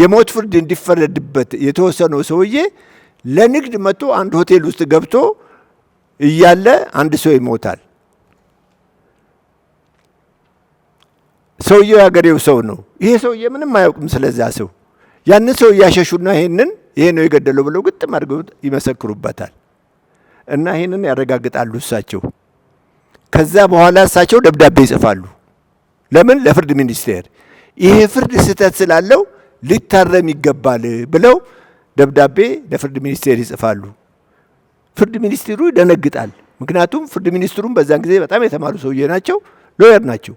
የሞት ፍርድ እንዲፈረድበት የተወሰነው ሰውዬ ለንግድ መጥቶ አንድ ሆቴል ውስጥ ገብቶ እያለ አንድ ሰው ይሞታል። ሰውየው ያገሬው ሰው ነው። ይሄ ሰውዬ ምንም አያውቅም ስለዛ ሰው። ያንን ሰው እያሸሹና ይህንን ይሄ ነው የገደለው ብለው ግጥም አድርገው ይመሰክሩበታል እና ይህንን ያረጋግጣሉ እሳቸው። ከዛ በኋላ እሳቸው ደብዳቤ ይጽፋሉ። ለምን? ለፍርድ ሚኒስቴር ይሄ ፍርድ ስህተት ስላለው ሊታረም ይገባል ብለው ደብዳቤ ለፍርድ ሚኒስቴር ይጽፋሉ። ፍርድ ሚኒስትሩ ይደነግጣል። ምክንያቱም ፍርድ ሚኒስትሩም በዛን ጊዜ በጣም የተማሉ ሰውዬ ናቸው፣ ሎየር ናቸው፣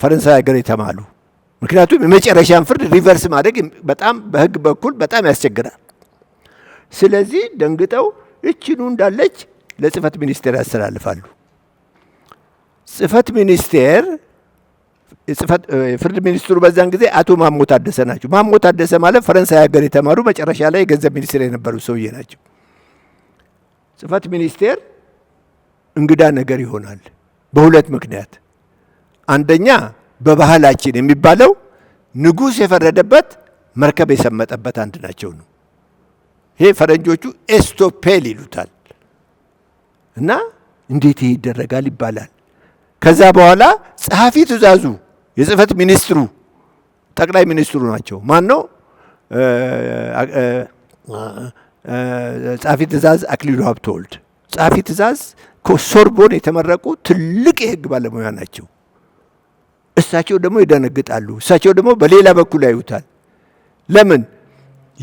ፈረንሳይ ሀገር የተማሉ። ምክንያቱም የመጨረሻን ፍርድ ሪቨርስ ማድረግ በጣም በህግ በኩል በጣም ያስቸግራል። ስለዚህ ደንግጠው እችኑ እንዳለች ለጽህፈት ሚኒስቴር ያስተላልፋሉ። ጽህፈት ሚኒስቴር ፍርድ ሚኒስትሩ በዛን ጊዜ አቶ ማሞ ታደሰ ናቸው። ማሞ ታደሰ ማለት ፈረንሳይ ሀገር የተማሩ መጨረሻ ላይ የገንዘብ ሚኒስቴር የነበሩ ሰውዬ ናቸው። ጽህፈት ሚኒስቴር እንግዳ ነገር ይሆናል በሁለት ምክንያት። አንደኛ በባህላችን የሚባለው ንጉሥ የፈረደበት መርከብ የሰመጠበት አንድ ናቸው ነው። ይሄ ፈረንጆቹ ኤስቶፔል ይሉታል እና እንዴት ይደረጋል ይባላል። ከዛ በኋላ ጸሐፊ ትእዛዙ የጽህፈት ሚኒስትሩ ጠቅላይ ሚኒስትሩ ናቸው። ማን ነው? ጸሐፊ ትእዛዝ አክሊሉ ሀብተወልድ ጸሐፊ ትእዛዝ ከሶርቦን የተመረቁ ትልቅ የህግ ባለሙያ ናቸው። እሳቸው ደግሞ ይደነግጣሉ። እሳቸው ደግሞ በሌላ በኩል ያዩታል። ለምን?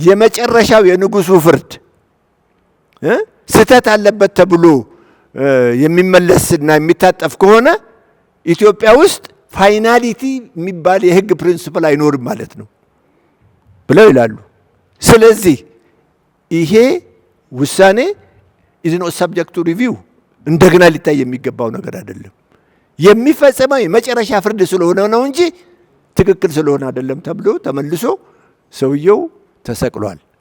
የመጨረሻው የንጉሱ ፍርድ ስህተት አለበት ተብሎ የሚመለስና የሚታጠፍ ከሆነ ኢትዮጵያ ውስጥ ፋይናሊቲ የሚባል የህግ ፕሪንስፕል አይኖርም ማለት ነው ብለው ይላሉ። ስለዚህ ይሄ ውሳኔ ኢዝኖ ሰብጀክቱ ሪቪው እንደገና ሊታይ የሚገባው ነገር አይደለም። የሚፈጸመው የመጨረሻ ፍርድ ስለሆነ ነው እንጂ ትክክል ስለሆነ አይደለም ተብሎ ተመልሶ ሰውየው ተሰቅሏል።